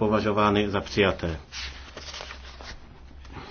považovány za přijaté.